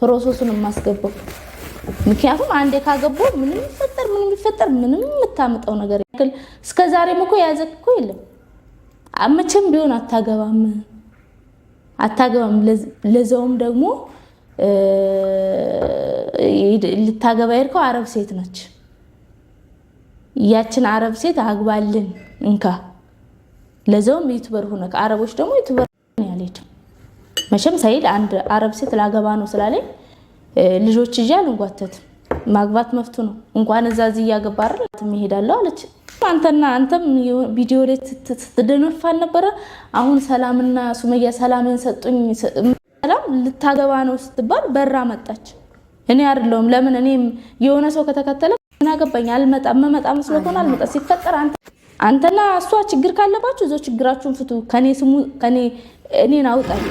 ፕሮሰሱን የማስገባው። ምክንያቱም አንዴ ካገቡ ምንም ይፈጠር ምንም ይፈጠር ምንም የምታምጠው ነገር ያክል እስከ ዛሬም እኮ የያዘክ እኮ የለም። መቼም ቢሆን አታገባም አታገባም። ለዛውም ደግሞ ልታገባ ሄድከው አረብ ሴት ነች። ያችን አረብ ሴት አግባልን እንካ። ለዛውም ዩቱበር ሆነክ አረቦች ደግሞ ዩቱበር መቼም ሰይድ አንድ አረብ ሴት ላገባ ነው ስላለኝ ልጆች ይዤ አልንጓተትም። ማግባት መፍቱ ነው። እንኳን እዛ እዚህ እያገባ እሄዳለሁ አለች። አንተና አንተም ቪዲዮ ላይ ስትደነፋ ነበረ። አሁን ሰላምና ሱመያ ሰላምን ሰጡኝ። ሰላም ልታገባ ነው ስትባል በራ መጣች። እኔ አይደለሁም ለምን እኔም የሆነ ሰው ከተከተለ ናገባኝ አልመጣ መመጣ መስሎ ሆነ አልመጣ ሲፈጠር አንተና እሷ ችግር ካለባችሁ እዛው ችግራችሁን ፍቱ። ከኔ ስሙ ከኔ እኔን አውጣኝ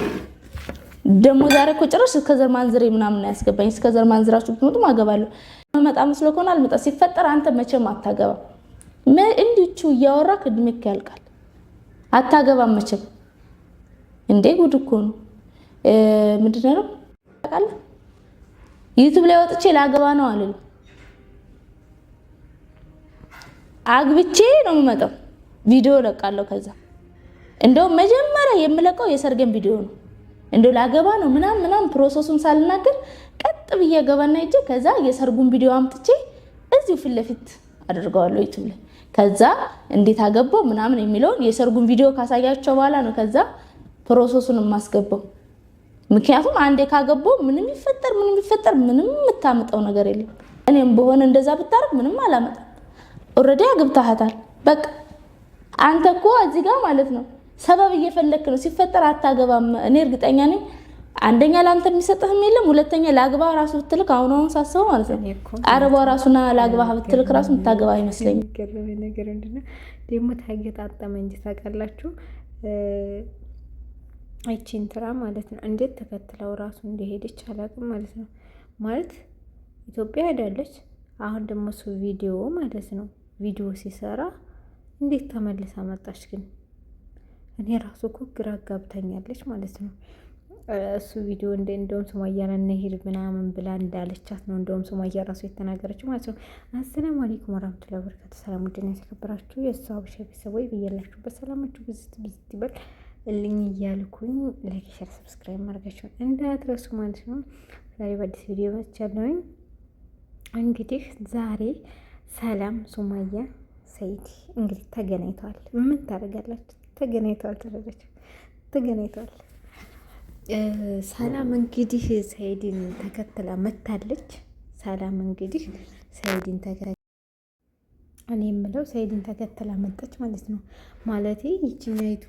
ደግሞ ዛሬ እኮ ጭራሽ እስከ ዘር ማንዝሬ ምናምን ያስገባኝ እስከ ዘር ማንዝራችሁ ብትመጡም አገባለሁ። መመጣ መስሎ ከሆነ አልመጣ። ሲፈጠር አንተ መቼም አታገባም። እንዲቹ እያወራ እድሜክ ያልቃል። አታገባም መቼም። እንዴ ጉድ እኮ ነው። ምንድን ነው ቃለ ዩቱብ ላይ ወጥቼ ላገባ ነው አልልም። አግብቼ ነው የምመጣው። ቪዲዮ ለቃለሁ። ከዛ እንደውም መጀመሪያ የምለቀው የሰርገን ቪዲዮ ነው እንደ ላገባ ነው ምናም ምናም ፕሮሰሱን ሳልናገር ቀጥ ብዬ ገባና ይቼ ከዛ የሰርጉን ቪዲዮ አምጥቼ እዚሁ ፊት ለፊት አድርገዋለሁ ዩቱብ ላይ። ከዛ እንዴት አገባው ምናምን የሚለውን የሰርጉን ቪዲዮ ካሳያቸው በኋላ ነው ከዛ ፕሮሰሱን የማስገባው። ምክንያቱም አንዴ ካገባው ምንም ይፈጠር ምንም ይፈጠር ምንም የምታምጠው ነገር የለም። እኔም በሆነ እንደዛ ብታረግ ምንም አላመጣም። ኦልሬዲ አግብታሃታል። በቃ አንተ እኮ እዚህ ጋር ማለት ነው ሰበብ እየፈለክ ነው ሲፈጠር አታገባም። እኔ እርግጠኛ ነኝ አንደኛ ለአንተ የሚሰጥህም የለም፣ ሁለተኛ ለአግባ ራሱ ብትልክ አሁን አሁን ሳስበው ማለት ነው አረቧ ራሱና ለአግባ ብትልክ ራሱ የምታገባ አይመስለኝም። ገረመ ነገር ምንድነው ደግሞ ታገጣጠመ እንጂ ታውቃላችሁ ይቺ እንትና ማለት ነው እንዴት ተከትለው ራሱ እንደሄደች አላውቅም ማለት ነው። ማለት ኢትዮጵያ ሄዳለች። አሁን ደግሞ እሱ ቪዲዮ ማለት ነው ቪዲዮ ሲሰራ እንዴት ተመልሳ መጣች ግን እኔ ራሱ እኮ ግራ ጋብታኛለች ማለት ነው። እሱ ቪዲዮ እንደ እንደውም ሱማያ ነሄድ ምናምን ብላ እንዳለቻት ነው። እንደውም ሱማያ ራሱ የተናገረችው ማለት ነው። አሰላሙ አሌይኩም ወራህመቱላሂ ወበረካቱ። ሰላም ውድና የተከበራችሁ የእሱ ሀበሻ ቤተሰቦች ብያላችሁበት ሰላማችሁ ብዝት ብዝት ይበል እልኝ እያልኩኝ ላይክ፣ ሸር፣ ሰብስክራይብ ማድረጋችሁን እንዳትረሱ ማለት ነው። ዛሬ በአዲስ ቪዲዮ መቻለውኝ። እንግዲህ ዛሬ ሰላም ሱማያ ሰይድ እንግዲህ ተገናኝተዋል። ምን ታደርጋላችሁ? ተገናኝተዋል። ተረዳች ተገናኝተዋል። ሰላም እንግዲህ ሰይድን ተከትላ መታለች። ሰላም እንግዲህ ሰኢድን ተከትላ እኔ የምለው ሰይድን ተከትላ መጣች ማለት ነው። ማለቴ ይችኛይቱ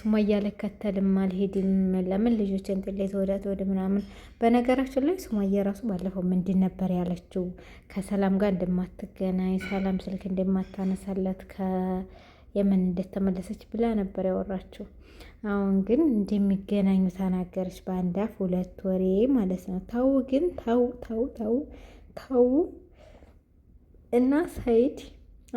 ሱማያ ልከተልም አልሄድም፣ ለምን ልጆችን ጥላ የተወዳት ወደ ምናምን። በነገራችን ላይ ሱማያ ራሱ ባለፈው ምንድን ነበር ያለችው? ከሰላም ጋር እንደማትገናኝ ሰላም ስልክ እንደማታነሳለት ከ የመን እንደተመለሰች ብላ ነበር ያወራችው። አሁን ግን እንደሚገናኙ ተናገረች። በአንድ አፍ ሁለት ወሬ ማለት ነው። ታው ግን ታው ታው ታው ታው እና ሳይድ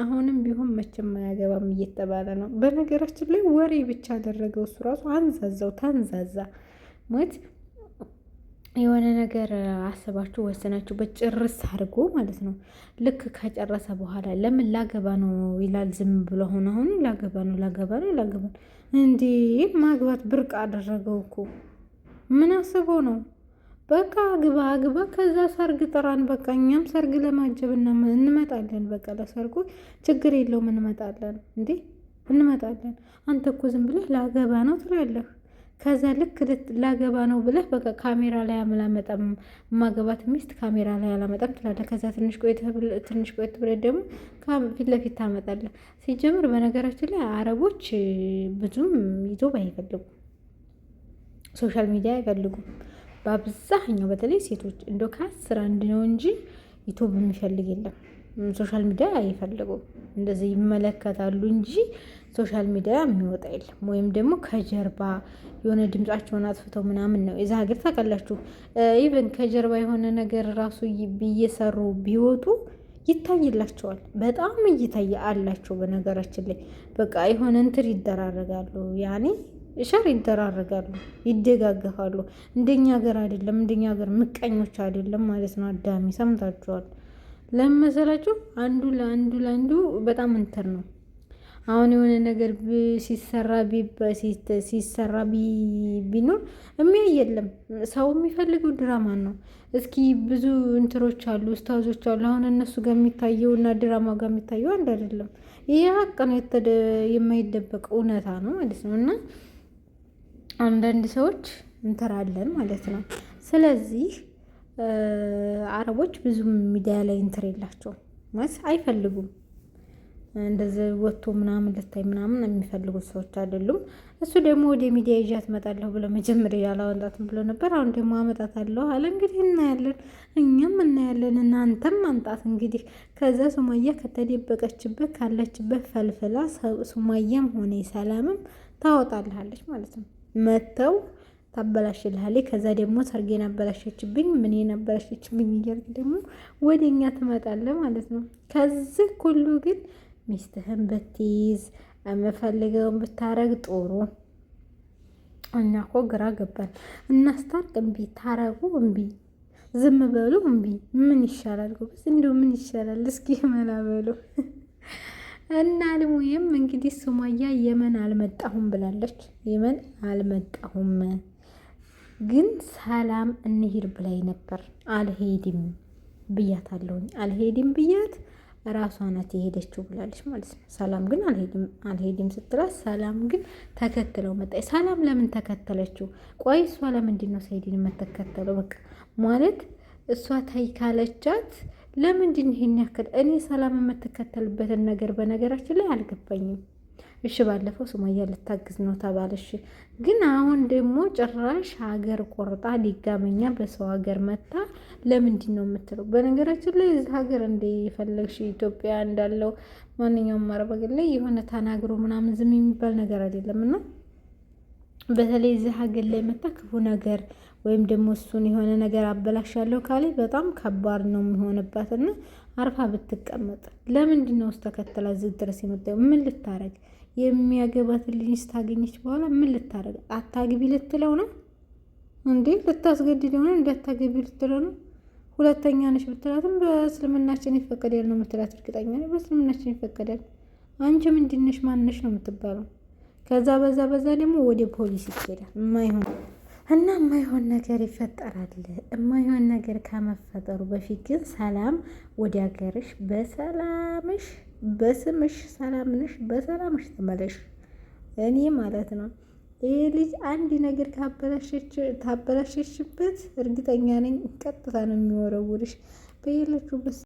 አሁንም ቢሆን መቼም አያገባም እየተባለ ነው። በነገራችን ላይ ወሬ ብቻ አደረገው እሱ ራሱ አንዛዛው ታንዛዛ ሞት የሆነ ነገር አስባችሁ ወሰናችሁ በጭርስ አድርጎ ማለት ነው። ልክ ከጨረሰ በኋላ ለምን ላገባ ነው ይላል። ዝም ብሎ አሁን አሁን ላገባ ነው ላገባ ነው ላገባ ነው እንዴ! ማግባት ብርቅ አደረገው እኮ ምን አስቦ ነው? በቃ አግባ አግባ፣ ከዛ ሰርግ ጥራን። በቃ እኛም ሰርግ ለማጀብ እንመጣለን። በቃ ለሰርጉ ችግር የለውም እንመጣለን። እንዴ እንመጣለን። አንተ እኮ ዝም ብለህ ላገባ ነው ትላለህ። ከዛ ልክ ላገባ ነው ብለህ በቃ ካሜራ ላይ አላመጣም ማገባት ሚስት ካሜራ ላይ አላመጣም ትላለህ። ከዛ ትንሽ ቆየት ብለህ ደግሞ ፊት ለፊት ታመጣለህ። ሲጀምር በነገራችን ላይ አረቦች ብዙም ይዞ አይፈልጉም፣ ሶሻል ሚዲያ አይፈልጉም። በአብዛኛው በተለይ ሴቶች እንደ ከአስር አንድ ነው እንጂ ዩቱብ የሚፈልግ የለም። ሶሻል ሚዲያ አይፈልጉም። እንደዚህ ይመለከታሉ እንጂ ሶሻል ሚዲያ የሚወጣ የለም። ወይም ደግሞ ከጀርባ የሆነ ድምጻቸውን አጥፍተው ምናምን ነው የዛ ሀገር ታውቃላችሁ። ኢቨን ከጀርባ የሆነ ነገር ራሱ እየሰሩ ቢወጡ ይታይላቸዋል። በጣም እይታየ አላቸው። በነገራችን ላይ በቃ የሆነ እንትር ይደራረጋሉ ያኔ ሸር ይደራረጋሉ፣ ይደጋገፋሉ። እንደኛ ሀገር አይደለም። እንደኛ ሀገር ምቀኞች አይደለም ማለት ነው። አዳሚ ሰምታችኋል። ለምን መሰላችሁ? አንዱ ለአንዱ ለአንዱ በጣም እንትን ነው። አሁን የሆነ ነገር ሲሰራ ሲሰራ ቢኖር እሚያ የለም። ሰው የሚፈልገው ድራማን ነው። እስኪ ብዙ እንትሮች አሉ፣ ኡስታዞች አሉ። አሁን እነሱ ጋር የሚታየው እና ድራማ ጋር የሚታየው አንድ አይደለም። ይህ ሀቅ ነው፣ የማይደበቅ እውነታ ነው ማለት ነው። እና አንዳንድ ሰዎች እንትራለን ማለት ነው። ስለዚህ አረቦች ብዙ ሚዲያ ላይ እንትር የላቸው ማለት አይፈልጉም። እንደዚህ ወጥቶ ምናምን ልታይ ምናምን የሚፈልጉት ሰዎች አይደሉም። እሱ ደግሞ ወደ ሚዲያ ይዣ ትመጣለሁ ብሎ መጀመሪያ ያላወጣትም ብሎ ነበር። አሁን ደግሞ አመጣታለሁ አለ። እንግዲህ እናያለን፣ እኛም እናያለን፣ እናንተም ማምጣት እንግዲህ። ከዛ ሱማያ ከተደበቀችበት ካለችበት ፈልፍላ ሱማያም ሆነ ሰላምም ታወጣልሃለች ማለት ነው መተው ታበላሽልሃለች። ከዛ ደግሞ ሰርጌን አበላሸችብኝ፣ ምን አበላሸችብኝ እያልክ ደግሞ ወደ እኛ ትመጣለህ ማለት ነው። ከዚህ ሁሉ ግን ሚስትህን ብትይዝ የምፈልገውን ብታረግ ጥሩ። እና እኮ ግራ ገባን። እናስታርቅ እምቢ፣ ታረጉ እምቢ፣ ዝም በሉ እምቢ። ምን ይሻላል ጎበዝ? እንዲሁ ምን ይሻላል? እስኪ መላ በሉ እና አልሙዬም እንግዲህ ሱማያ የመን አልመጣሁም ብላለች። የመን አልመጣሁም ግን ሰላም እንሂድ ብላይ ነበር። አልሄድም ብያት አለውኝ አልሄድም ብያት ራሷ ናት የሄደችው ብላለች ማለት ነው። ሰላም ግን አልሄድም ስትላት፣ ሰላም ግን ተከትለው መጣ። ሰላም ለምን ተከተለችው? ቆይ እሷ ለምንድን ነው ሰኢድን የምትከተለው? በቃ ማለት እሷ ተይ ካለቻት ለምንድን ይሄን ያክል እኔ ሰላም የምትከተልበትን ነገር በነገራችን ላይ አልገባኝም። እሺ ባለፈው ሱማያ ልታግዝ ነው ተባለሽ፣ ግን አሁን ደግሞ ጭራሽ ሀገር ቆርጣ ሊጋመኛ በሰው ሀገር መታ ለምንድን ነው የምትለው? በነገራችን ላይ እዚህ ሀገር እንደ የፈለግሽ ኢትዮጵያ እንዳለው ማንኛውም አረብ ላይ የሆነ ተናግሮ ምናምን ዝም የሚባል ነገር አይደለም እና በተለይ እዚህ ሀገር ላይ መታ ክፉ ነገር ወይም ደግሞ እሱን የሆነ ነገር አበላሻለሁ ካለ በጣም ከባድ ነው የሚሆንባት አርፋ ብትቀመጥ። ለምንድን ነው ውስጥ እዚህ ድረስ የመጣው? ምን ልታረግ? የሚያገባትን ልጅ ስታገኘች በኋላ ምን ልታረግ? አታግቢ ልትለው ነው እንዴ? ልታስገድደው ነው? እንዳታገቢ ልትለው ነው? ሁለተኛ ነች ብትላትም በእስልምናችን ይፈቀዳል ነው የምትላት። እርግጠኛ ነኝ በእስልምናችን ይፈቀዳል። አንቺ ምንድነሽ? ማንነሽ ነው የምትባለው። ከዛ በዛ በዛ ደግሞ ወደ ፖሊስ ይሄዳል ማይሆን እና የማይሆን ነገር ይፈጠራል። የማይሆን ነገር ከመፈጠሩ በፊት ግን ሰላም ወደ ሀገርሽ በሰላምሽ በስምሽ ሰላምንሽ በሰላምሽ ትመለሽ። እኔ ማለት ነው ይህ ልጅ አንድ ነገር ታበላሸችበት እርግጠኛ ነኝ ቀጥታ ነው የሚወረውርሽ በየለችበት